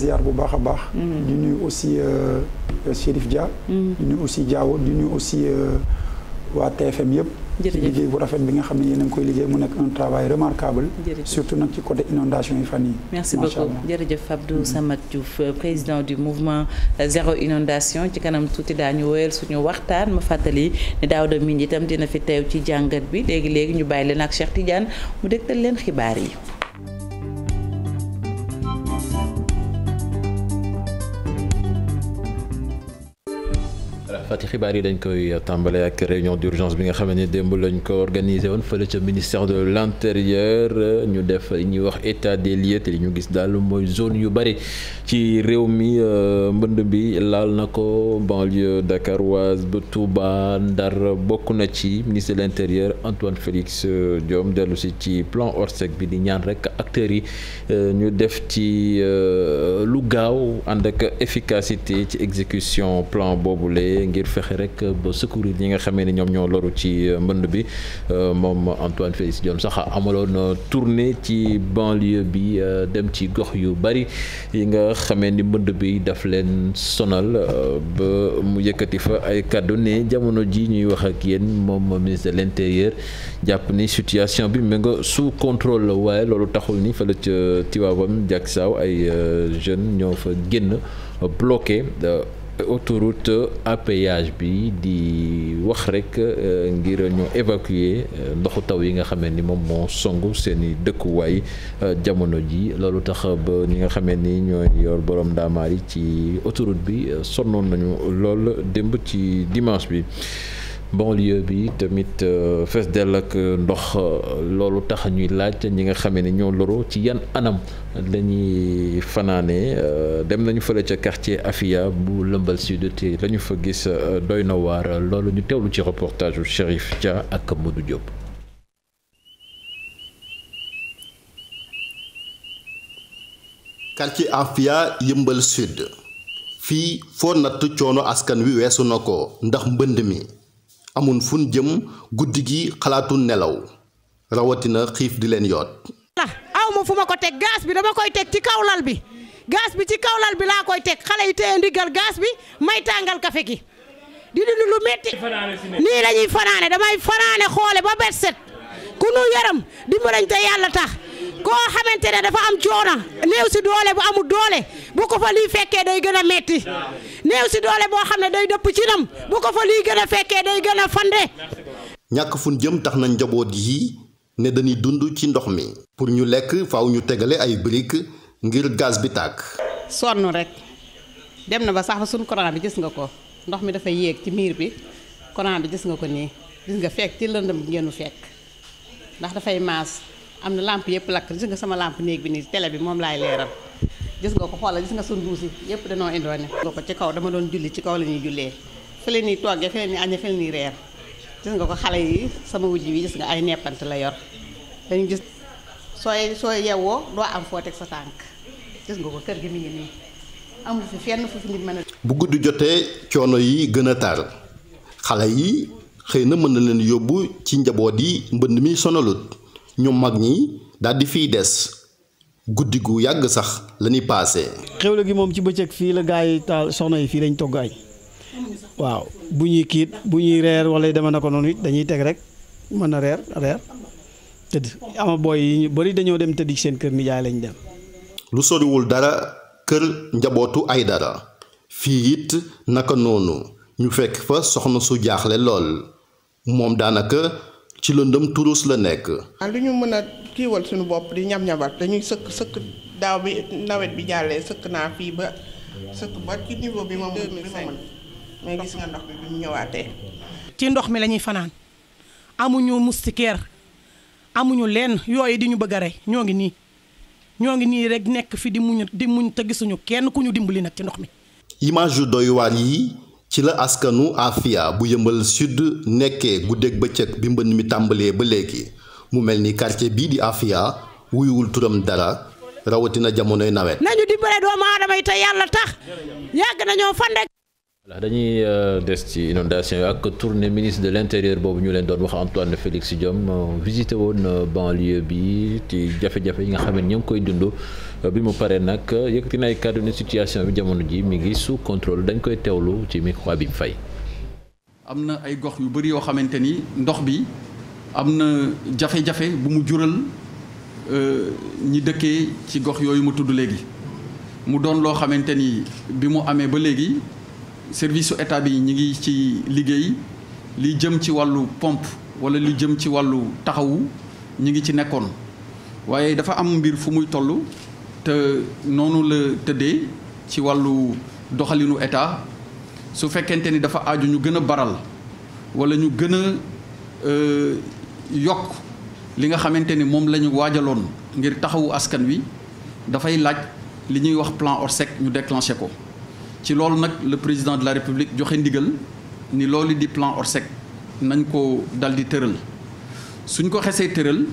ziar bu baax a baax mm-hmm. di nuyu aussi euh, Dia aussi mm-hmm. Diawo di nuyu aussi euh, waa TFM yëpp ci bu rafet bi nga xam ne yéen a ngi koy mu nekk un travail remarquable surtout nag ci côté inondation yi fan yi merci beaucoup jërëjëf Abdou mm-hmm. Samad Diouf euh, président du mouvement zéro inondation ci kanam tuuti daañu woyal suñu waxtaan ma fàttali ne Daouda Mine itam dina fi teew ci jàngat bi léegi-léegi ñu bàyyi leen ak Cheikh Tidiane mu dégtal leen xibaar yi fàtti xibaar yi dañ koy tàmbale ak réunion d'urgence bi nga xam ne démb lañ ko organisé woon fële ca ministère de l'intérieur ñu def ñuy wax état des lieux te ñu gis daal mooy zone yu bari ci réew mi euh, mbënd bi laal na ko banlieue dakaroise ba Touba Ndar bokk na ci ministre de l'intérieur Antoine Félix Diome dellu si ci plan Orsec bi di ñaan rek acteur yi euh, ñu def ci euh, lu gaaw ànd ak efficacité ci exécution plan boobule ngir fexe rek euh, ba secourir ñi nga xamee ne ñoom ñoo loru ci euh, mbënd bi euh, moom Antoine Félix Diome sax amaloon tournée ci banlieue bi dem ci gox yu bari yi nga xame ni mbënd bi daf leen sonal ba mu yëkkati fa ay kàddu ne jamono ji ñuy wax ak yéen moom ministre de l'intérieur jàpp ni situation bi mu nga sous contrôle waaye loolu taxul ni fa la fële ca Tivaouane saw ay jeunes ñoo fa génn bloqué. autoroute à bi di wax rek euh, ngir ñu évacuer euh, ndoxu taw yi nga xamee ni moom moo songu seen i dëkkuwaay euh, jamono ji loolu tax ba ñi nga xamee ni ñooy yor borom ndaamaar yi ci autoroute bi sonnoon nañu lool démb ci dimanche bi. banlieue bi tamit euh, fees dell ak euh, ndox euh, loolu tax ñuy laaj ñi nga xame ni ñoo loro ci yan anam lañuy fanaane dem nañu fële ca quartier Afia bu lëmbal sud te la fa gis doy na waar loolu ñu teewlu ci reportage u Chérif Dia ak Modou Diop. quartier Afia yëmbal sud fii foo natt coono askan wi weesu na ko ndax mbënd mi. amun fun jëm guddi gi xalaatu nelaw rawatina xiif di leen yoot aw fu ma ko teg gaz bi dama koy teg ci kaw lal bi gaz bi ci kaw bi laa koy teg xale yi téye ndiggal gaz bi may tàngal kafe gi di dund lu metti nii la fanaane damay fanaane xoole ba bet set ku nu yaram dimbalañ te yàlla tax koo xamante ne dafa am coona néew si doole bu amul doole bu ko fa lii fekkee day gën a metti néew si doole boo xam ne day dëpp ci nam bu ko fa lii gën a fekkee day gën a fande ñàkk fun jëm tax na njaboot yi ne dañuy dund ci ndox mi pour ñu lekk faaw ñu tegale ay brique ngir gaz bi tàkk sonn rek dem na ba sax fa suñ courant bi gis nga ko ndox mi dafa yéeg ci miir bi courant bi gis nga ko nii gis nga fekk ci lëndëm bi ngeenu fekk ndax dafay maas am na làmp yëpp lakk gis nga sama làmp néeg bi nii tele bi moom laay leeral gis nga ko xoolal gis nga suñu duus yi yëpp danoo indoone nga ko ci kaw dama doon julli ci kaw la ñuy jullee fële nii toggee fële nii añee fële reer gis nga ko xale yi sama wujj bi ay neppant la yor dañu gis sooy sooy yewwoo am foo sa tànk gis nga ko kër mi ngi nii amul fi fenn fu fi nit mën a bu gudd jotee coono yi gën a tar xale yi xëy na mën na leen yóbbu ci njaboot yi mbënn mi sonalut ñu mag ñi daal di fiy des guddi gu yàgg sax la ñuy paase. xewle gi moom ci bëccëg fii la gaa yi taal soxna yi fii lañ togg añ waaw bu ñuy kiit bu ñuy reer wala deme na ko noonu it dañuy teg rek mën a reer reer tëdd ama booy yi ñu bëri dañoo dem tëddi seen kër nijaay lañ dem. lu soriwul dara kër njabootu ay dara fii it naka noonu ñu fekk fa soxna su jaaxle lool moom daanaka. ci lëndëm turus la nekk. lu ñu mën a kiiwal suñu bopp di ñam-ñabar dañuy sëkk sëkk daaw bi nawet bi jàllee sëkk naa fii ba sëkk ba bi ma mën bi ma mën ndox ci ndox mi lañuy fanaan amuñu moustiquaire amuñu lenn yooyu di ñu bëgg a rey ñoo ngi nii ñoo ngi nii rek nekk fi di muñ di muñ te gisuñu kenn ku ñu dimbali nag ci ndox mi. image yu doy yi. ci la askanu Afia bu yëmbal sud nekkee guddeeg bëccëg bi mbënn mi tàmbalee ba léegi mu mel ni quartier bii di Afia wuyuwul turam dara rawatina jamonoy nawet. nañu dimbale doomu aadama yi te yàlla tax yàgg nañoo fande voilà dañuy euh, des ci inondation yi ak tournée ministre de l' intérieur boobu ñu leen doon wax Antoine Félix Diome euh, visité woon euh, banlieue bi ci jafe-jafe yi nga xam ne ñoo ngi koy dund bi mu paree nag yëkkati na ay kàddu ne situation bi jamono ji mi ngi sous contrôle dañ koy teewlu ci micro bi fay. am na ay gox yu bëri yoo xamante ni ndox bi am na jafe-jafe bu mu jural ñi dëkkee ci gox yooyu ma tudd léegi mu doon loo xamante ni bi mu amee ba léegi. service su état bi ñi ngi ci liggéey li jëm ci wàllu pomp wala li jëm ci wàllu taxawu ñi ngi ci nekkoon waaye dafa am mbir fu muy tollu te noonu la tëddee ci wàllu doxalinu état su fekkente ni dafa aaju ñu gën a baral wala ñu gën a euh, yokk li nga xamante ni moom la ñu waajaloon ngir taxawu askan wi dafay laaj li ñuy wax plan orseck ñu déclenché ko ci loolu nag le président de la république joxe ndigal ni loolu di plan Orsec nañ ko daldi tëral suñ ko xesee tëral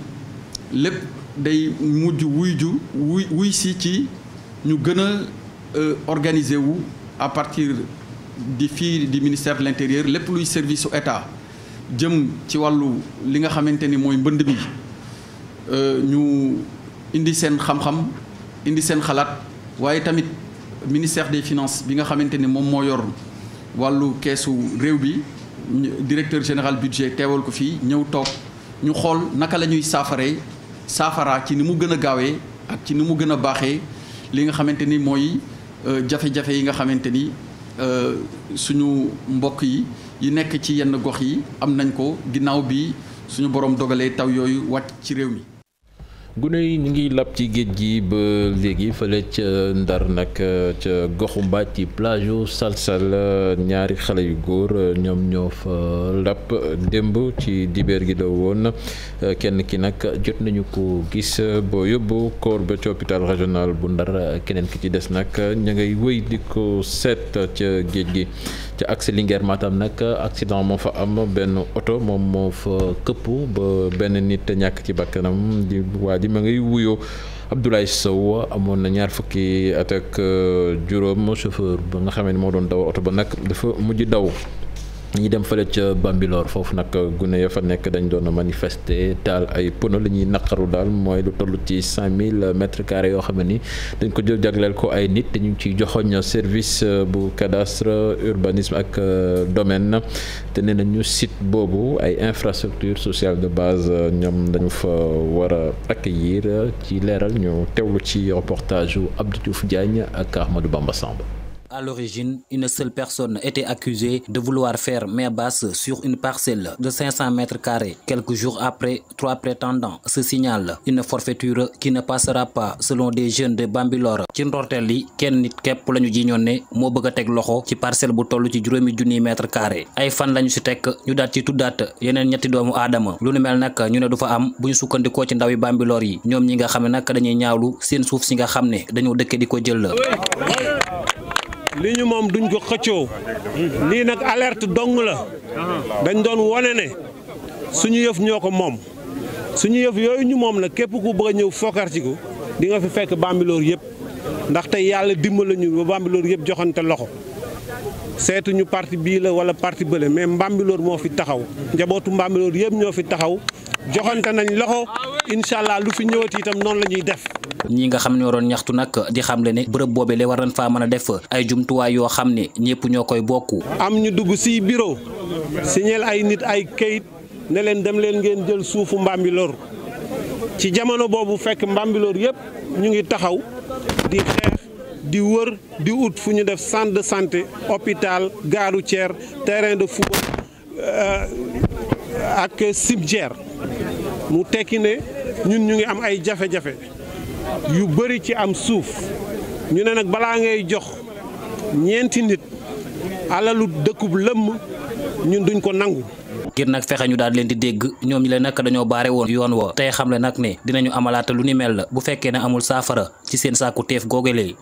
lépp day mujj wuy ju wuy wuy si ci ñu gën a euh, organiser wu à partir di fii di ministère de l'intérieur lépp luy service su jëm ci wàllu li nga xamante ni mooy mbënd mi euh, ñu indi seen xam-xam indi seen xalaat waaye tamit ministère des finances bi nga xamante ne moom moo yor wàllu keesu réew bi directeur général budget teewal ko fii ñëw toog ñu xool naka la ñuy saafaree saafaraa ci ni mu gën a gaawee ak ci ni mu gën a baaxee li nga xamante ni mooy euh, jafe-jafe yi nga xamante ni euh, suñu mbokk yi yi nekk ci yenn gox yi am nañ ko ginnaaw bi suñu borom dogalee taw yooyu wàcc ci réew mi. gune yi ñu ngi lab ci géej gi ba léegi fële ca ndar nag ca goxu mbaaj ci plage yu salsal ñaari xale yu góor ñoom ñoo fa lab démb ci dibeer gi la woon kenn ki nag jot nañu ko gis boo yóbbu koor ba ci hôpital régional bu ndar keneen ki ci des nag ñu ngay wëy di ko seet ca géej gi ca accès Linguère Matam nag accident moo fa am benn oto moom moo fa këppu ba benn nit ñàkk ci bakkanam di waaj di ma ngay wuyoo Abdoulaye Sow amoon na ñaar fukki at ak euh, juróom chauffeur ba nga xamee ne moo doon daw oto ba nag dafa mujj daw. ñi dem fële ca Bambilor foofu nag gune ya fa nekk dañ doon manifester taal ay pono li ñuy naqaru daal mooy lu toll ci cinq mille mètres carrés yoo xam ne ni dañ ko jël jagleel ko ay nit dañu ñu ngi ciy joxoñ service bu cadastre urbanisme ak euh, domaine te nee ñu site boobu ay infrastructure sociale de base euh, ñoom dañu fa war a accueillir ci leeral ñu teewlu ci reportage yu Abdou Diouf Diagne ak Ahmadou Bamba Samb À l'origine, une seule personne était accusée de vouloir faire main basse sur une parcelle de 500 mètres carrés. Quelques jours après, trois prétendants se signalent une forfaiture qui ne passera pas selon des jeunes de Bambilor. ci ndorteel li kenn nit képp la ñu jiñoon ne moo bëgg teg loxo ci parcelle bu toll ci juróomi junniy mètres carrés ay fan lañu ci tekk ñu daat ci tuddaat yeneen ñetti doomu aadama lu nu mel nag ñu ne du fa am bu ñu sukkandikoo ci ndaw yi Bambilor yi ñoom ñi nga xam ne nag dañuy ñaawlu seen suuf si nga xam ne dañoo dëkke di ko jël li ñu moom duñ ko xëccoo lii nag alerte dong la dañ doon wone ne suñu yëf ñoo ko moom suñu yëf yooyu ñu moom nag képp ku bëgg a ñëw fokkarti ko di nga fi fekk Bambilor yëpp ndaxte yàlla dimbali ñu ba Bambilor yëpp joxante loxo seetuñu parti bii la wala parti bële mais Bambilor moo fi taxaw njabootu Bambilor yëpp ñoo fi taxaw joxante nañ loxo incha allah lu fi ñëwati itam noonu la ñuy def. ñi nga xam ne waroon ñaxtu nag di le ne bërëb boobee le war nañ faa mën a def ay jumtuwaay yoo xam ne ñëpp ñoo koy bokk. am ñu dugg si bureau signeel ay nit ay kayit ne leen dem leen ngeen jël suufu Mbambilor ci jamono boobu fekk Mbambilor yëpp ñu ngi taxaw di xeex di wër di ut fu ñu def centre de santé hôpital gare routière terrain de football euh, ak cimetière mu tekki ne. ñun ñu ngi am ay jafe-jafe yu bëri ci am suuf ñu ne nag balaa ngay jox ñeenti nit alalu dëkkub lëmm ñun duñ ko nangu. ngir nag fexe ñu daal leen di dégg ñoom ñi leen nag dañoo baare woon yoon wa tey xam ne nag ne dinañu amalaata lu ni mel la bu fekkee ne amul saafara ci seen sàkku teef googelee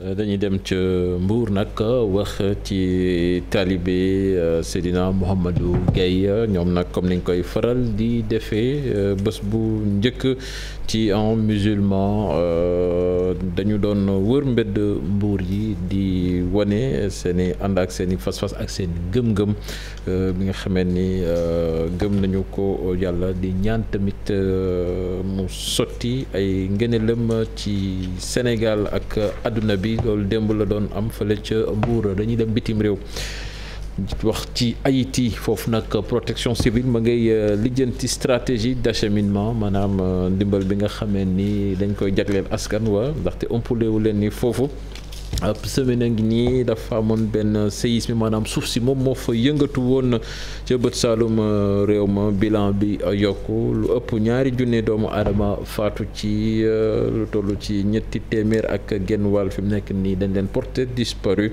Euh, dañuy dem ca Mbour nag wax ci taalibe euh, Seydina Mouhamadou Gaye ñoom nag comme ni niñ koy faral di defee euh, bés bu njëkk ci en musulman dañu doon wër mbedd Mbour yi di wane seeni ànd ak seeni i fas-fas ak seen gëm-gëm bi nga xamee ni gëm nañu ko yàlla di ñaan tamit mu sotti ay ngëneelam ci Sénégal ak àdduna bi. fii loolu démb la doon am fële ca Mbuur dañuy dem bitim réew wax ci Haïti foofu nag protection civile ma ngay euh, lijjanti stratégie d'acheminement maanaam euh, ndimbal bi nga xamee ni dañ koy jagleel askan wa ndaxte ëmpulewu leen ni foofu ab semaine a ngi nii dafa amoon benn séisme maanaam suuf si moom moo fa yëngatu woon ca bët saalum euh, réew ma bilan bi yokk lu ëpp ñaari junne doomu aadama faatu ci euh, lu toll ci ñetti téeméer ak genn wàll fi mu nekk nii dañ leen porté disparu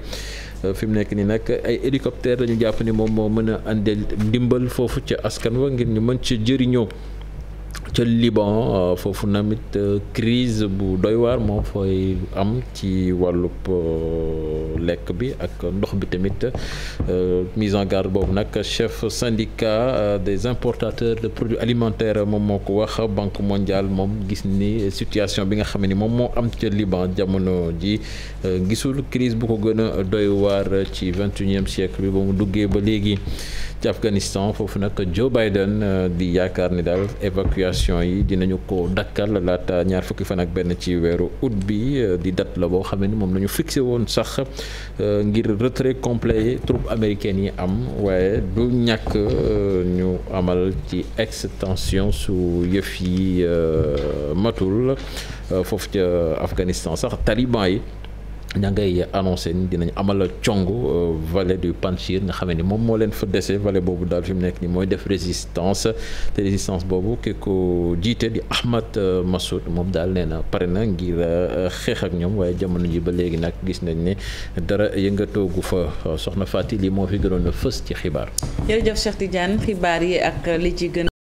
euh, fi mu nekk nii nag ay hélicoptère lañu jàpp ni moom moo mën a àndeel ndimbal foofu ca askan wa ngir ñu mën ci jëriñoo ca Liban euh, foofu namit euh, crise bu doy waar moo fay am ci wàllub euh, lekk bi ak ndox bi tamit mise en garde boobu nag chef syndicat des importateurs de produits alimentaires moom moo ko wax banque mondiale moom gis ni situation bi nga xam ni moom moo am ca Liban jamono ji gisul crise bu ko gën a doy waar ci vingt et unième siècle bi ba mu duggee ba léegi ci Afghanistan foofu nag Joe Biden di yaakaar ni daal évacuation manifestation yi dinañu ko dakkal laata ñaar fukki fan ak benn ci weeru août bi euh, di date la boo xam ne moom la ñu fixé woon sax euh, ngir retrait complet troupes américaines yi am waaye du ñàkk euh, ñu amal ci extension su yëf yi matul foofu ca Afghanistan sax taliban yi ña ngay annoncé ni dinañ amal cong euh, vallée du Panchir nga xam ne moom moo leen fa dese vallée boobu daal fi mu nekk nii mooy def résistance te résistance boobu ki ko jiite di Ahmad euh, Massoud moom daal nee na pare na ngir euh, xeex ak ñoom waaye jamono ji ba léegi nag gis nañ ni dara yëngatoogu fa soxna Fatick lii moo fi gënoon fës ci xibaar.